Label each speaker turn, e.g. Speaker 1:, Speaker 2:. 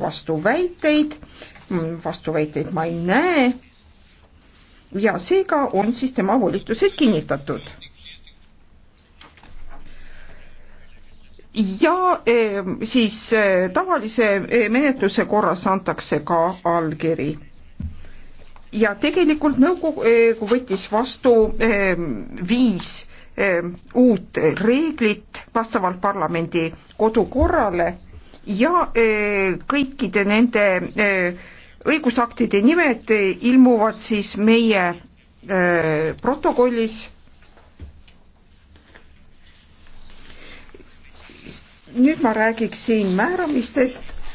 Speaker 1: vastuväiteid, vastuväiteid ma ei näe. ja seega on siis tema volitused kinnitatud. ja eh, siis eh, tavalise eh, menetluse korras antakse ka allkiri. ja tegelikult nõukogu võttis vastu viis uut reeglit vastavalt parlamendi kodukorrale ja e, kõikide nende e, õigusaktide nimed ilmuvad siis meie e, protokollis. nüüd ma räägiksin määramistest